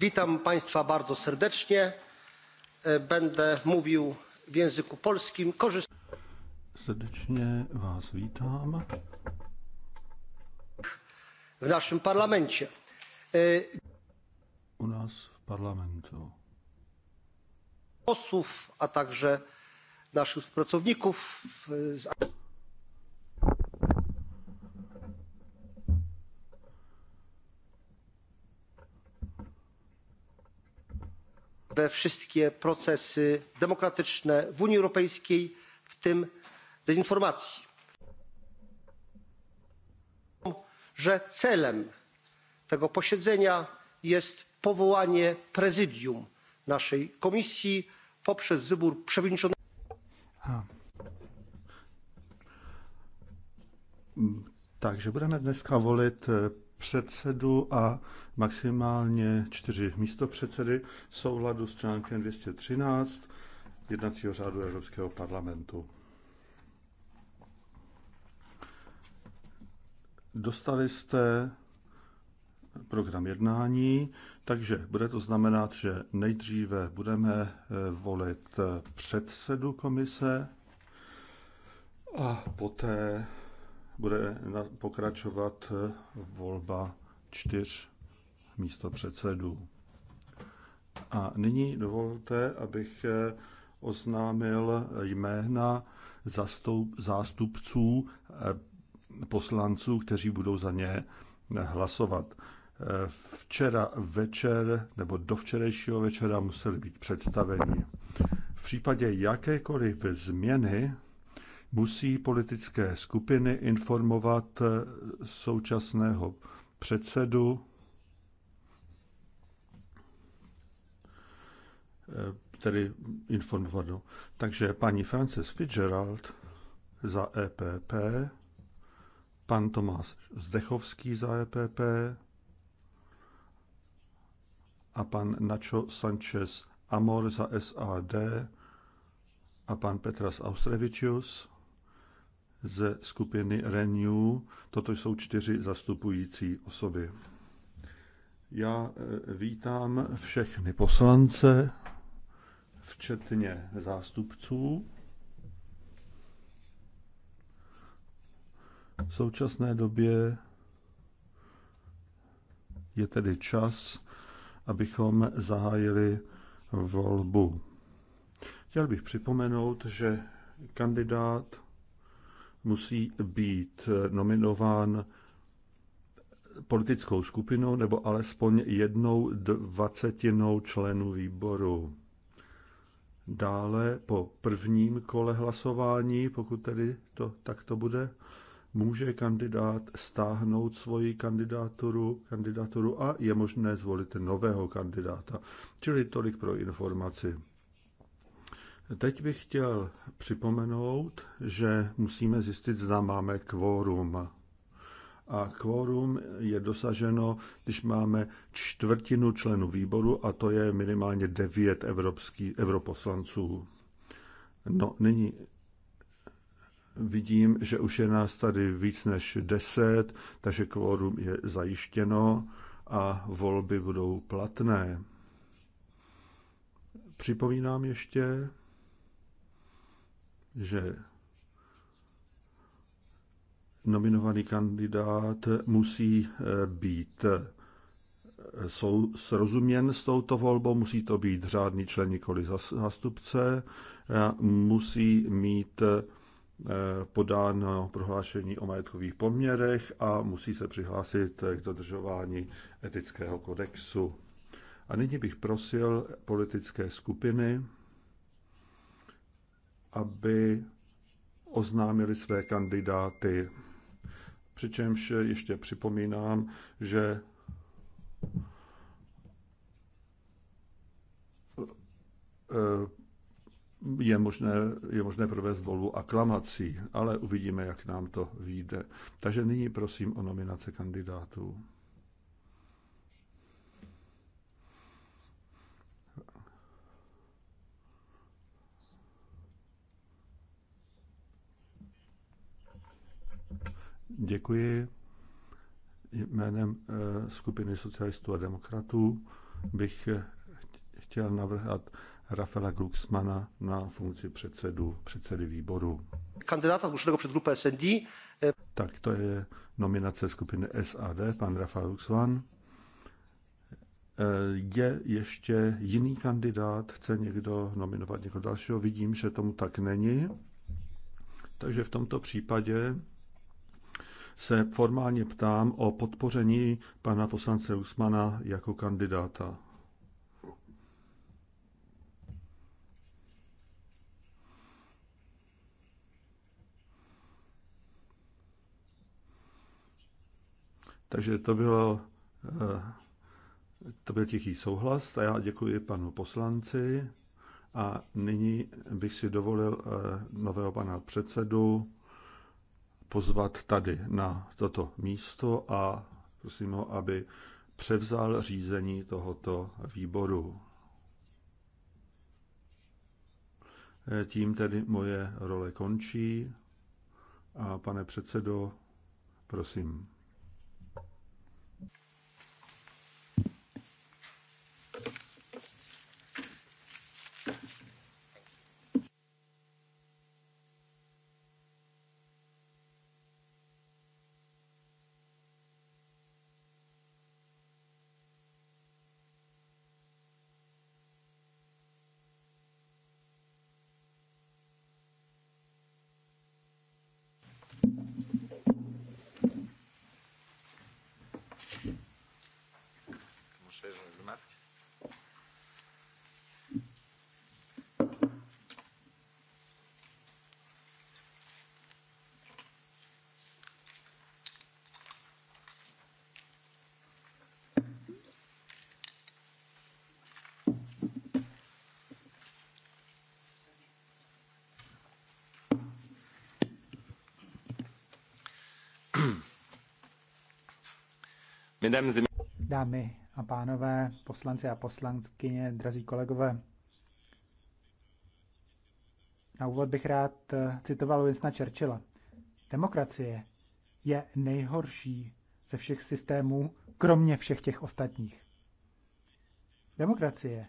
witam państwa bardzo serdecznie e, będę mówił w języku polskim serdecznie was witam w naszym parlamencie e, u nas w parlamentu posłów a także naszych pracowników z we wszystkie procesy demokratyczne w unii europejskiej w tym dezinformacji że celem tego posiedzenia jest powołanie prezydium naszej komisji poprzez wybór przewodniczącego. Mm, Takže budeme dneska volit e, předsedu a maximálně čtyři místopředsedy v souladu s článkem 213 jednacího řádu Evropského parlamentu. Dostali jste program jednání, takže bude to znamenat, že nejdříve budeme eh, volit eh, předsedu komise a poté bude pokračovat eh, volba čtyř místo předsedů. A nyní dovolte, abych eh, oznámil jména zastup, zástupců eh, poslanců, kteří budou za ně hlasovat. Včera večer nebo do včerejšího večera museli být představeni. V případě jakékoliv změny musí politické skupiny informovat eh, současného předsedu eh, tedy informovat. No. Takže paní Frances Fitzgerald za EPP, pan Tomáš Zdechovský za EPP a pan Nacho Sanchez Amor za SAD a pan Petras Austrevičius ze skupiny Renew. Toto jsou čtyři zastupující osoby. Já eh, vítám všechny poslance, včetně zástupců. V současné době je tedy čas, abychom zahájili volbu. Chtěl bych připomenout, že kandidát musí být nominován politickou skupinou nebo alespoň jednou dvacetinou členů výboru. Dále po prvním kole hlasování, pokud tedy to takto bude, může kandidát stáhnout svoji kandidaturu, kandidaturu a je možné zvolit nového kandidáta. Čili tolik pro informaci. Teď bych chtěl připomenout, že musíme zjistit, zda máme kvórum. A kvórum je dosaženo, když máme čtvrtinu členů výboru, a to je minimálně devět evropský, europoslanců. No, nyní vidím, že už je nás tady víc než deset, takže kvórum je zajištěno a volby budou platné. Připomínám ještě, že nominovaný kandidát musí eh, být jsou eh, srozuměn s touto volbou, musí to být řádný člen, nikoli zástupce, musí mít eh, podáno prohlášení o majetkových poměrech a musí se přihlásit k dodržování etického kodexu. A nyní bych prosil politické skupiny, aby oznámili své kandidáty. Přičemž ještě připomínám, že je možné, je možné provést volbu aklamací, ale uvidíme, jak nám to vyjde. Takže nyní prosím o nominace kandidátů. Děkuji. Jménem eh, skupiny socialistů a demokratů bych eh, chtěl navrhat Rafaela Glucksmana na funkci předsedu, předsedy výboru. Kandidáta zkušeného před grupou SND. Eh, tak to je nominace skupiny SAD, pan Rafael Glucksman. Je ještě jiný kandidát? Chce někdo nominovat někoho dalšího? Vidím, že tomu tak není. Takže v tomto případě se formálně ptám o podpoření pana poslance Usmana jako kandidáta. Takže to bylo eh, to byl tichý souhlas a já děkuji panu poslanci. A nyní bych si dovolil eh, nového pana předsedu pozvat tady na toto místo a prosím ho, aby převzal řízení tohoto výboru. Eh, tím tedy moje role končí. A pane předsedo, prosím. Dámy a pánové, poslanci a poslankyně, drazí kolegové, na úvod bych rád eh, citoval Winstona Churchilla. Demokracie je nejhorší ze všech systémů, kromě všech těch ostatních. Demokracie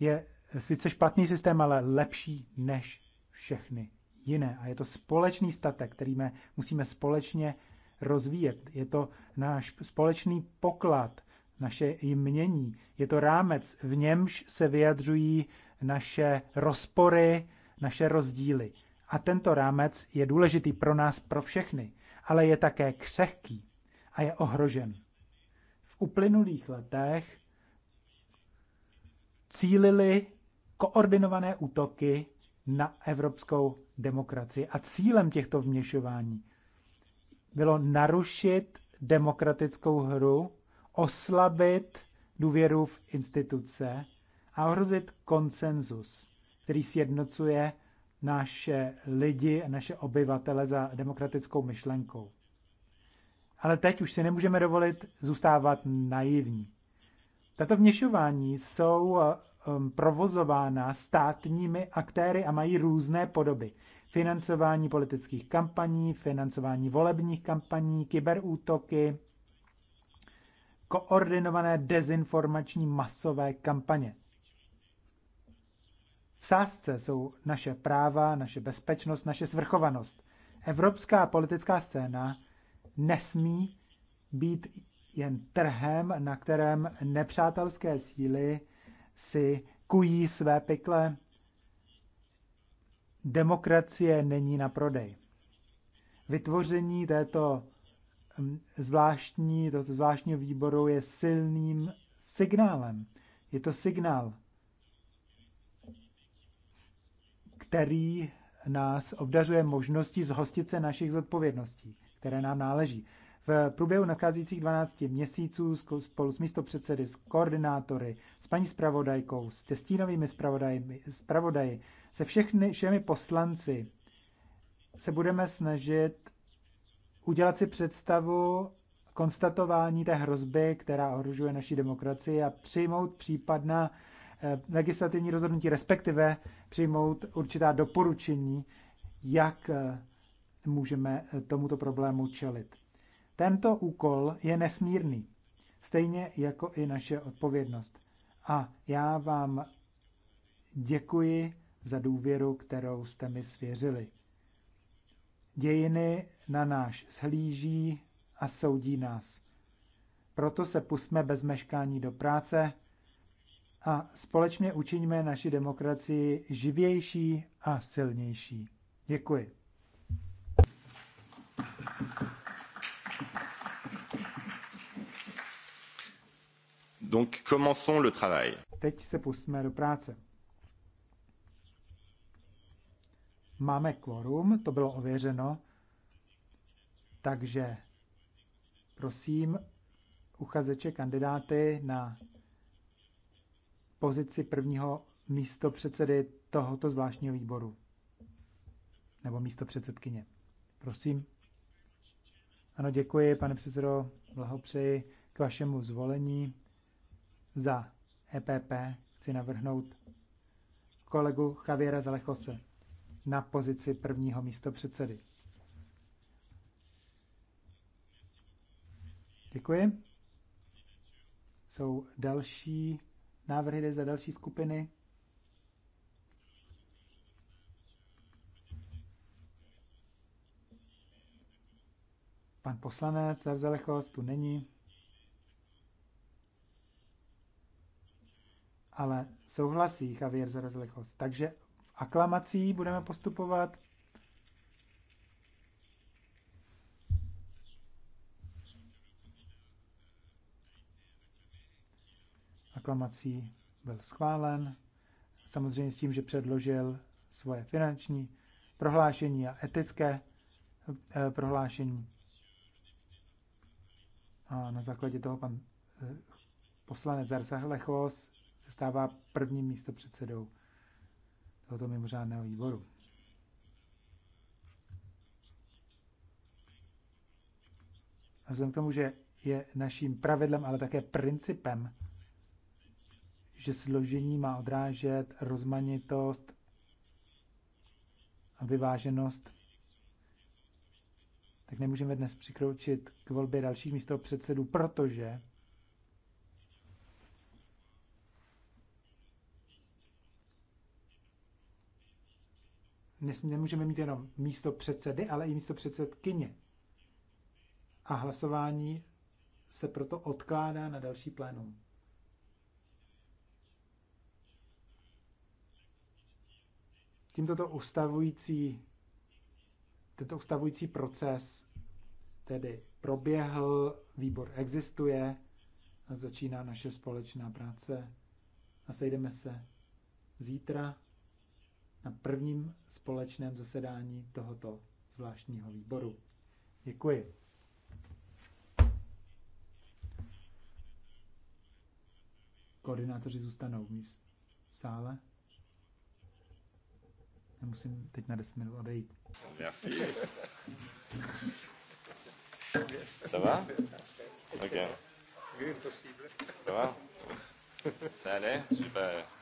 je sice špatný systém, ale lepší než všechny jiné. A je to společný statek, který musíme společně rozvíjet. Je to náš společný poklad, naše jmění. Je to rámec, v němž se vyjadřují naše rozpory, naše rozdíly. A tento rámec je důležitý pro nás, pro všechny, ale je také křehký a je ohrožen. V uplynulých letech cílili koordinované útoky na evropskou demokracii. A cílem těchto vměšování bylo narušit demokratickou hru, oslabit důvěru v instituce a ohrozit konsenzus, který sjednocuje naše lidi a naše obyvatele za demokratickou myšlenkou. Ale teď už si nemůžeme dovolit zůstávat naivní. Tato vněšování jsou eh, Um, provozována státními aktéry a mají různé podoby. Financování politických kampaní, financování volebních kampaní, kyberútoky, koordinované dezinformační masové kampaně. V sázce jsou naše práva, naše bezpečnost, naše svrchovanost. Evropská politická scéna nesmí být jen trhem, na kterém nepřátelské síly si kují své pikle. Demokracie není na prodej. Vytvoření této mm, zvláštní, tohoto zvláštního výboru je silným signálem. Je to signál, který nás obdařuje možností zhostit se našich zodpovědností, které nám náleží. V průběhu nadcházejících 12 měsíců spolu s místopředsedy, s koordinátory, s paní zpravodajkou, s stínovými zpravodaji, se všechny, všemi poslanci se budeme snažit udělat si představu konstatování té hrozby, která ohrožuje naší demokracii a přijmout případná eh, legislativní rozhodnutí, respektive přijmout určitá doporučení, jak eh, můžeme eh, tomuto problému čelit. Tento úkol je nesmírný, stejně jako i naše odpovědnost. A já vám děkuji za důvěru, kterou jste mi svěřili. Dějiny na náš shlíží a soudí nás. Proto se pusme bez meškání do práce a společně učiníme naši demokracii živější a silnější. Děkuji. Donc commençons le travail. Teď se pustíme do práce. Máme quorum, to bylo ověřeno, takže prosím uchazeče kandidáty na pozici prvního místo předsedy tohoto zvláštního výboru. Nebo místo předsedkyně. Prosím. Ano, děkuji, pane předsedo, blahopřeji k vašemu zvolení. Za EPP chci navrhnout kolegu Javiera Zalechose na pozici prvního místo předsedy. Děkuji. Jsou další návrhy za další skupiny. Pan poslanec Zalechos tu není. ale souhlasí Javier za Takže aklamací budeme postupovat. Aklamací byl schválen, samozřejmě s tím, že předložil svoje finanční prohlášení a etické eh, prohlášení. A na základě toho pan eh, poslanec Zarsah Lechos se stává prvním místopředsedou tohoto mimořádného výboru. A vzhledem k tomu, že je naším pravidlem, ale také principem, že složení má odrážet rozmanitost a vyváženost, tak nemůžeme dnes přikročit k volbě dalších předsedů, protože nemůžeme mít jenom místo předsedy, ale i místo předsedkyně. A hlasování se proto odkládá na další plénum. Tímto to ustavující, tento ustavující proces tedy proběhl, výbor existuje a začíná naše společná práce a sejdeme se zítra na prvním společném zasedání tohoto zvláštního výboru. Děkuji. Koordinátoři zůstanou v sále. Já musím teď na 10 minut odejít. Merci. Co va? Ok. Co? Co Ça Co Je sais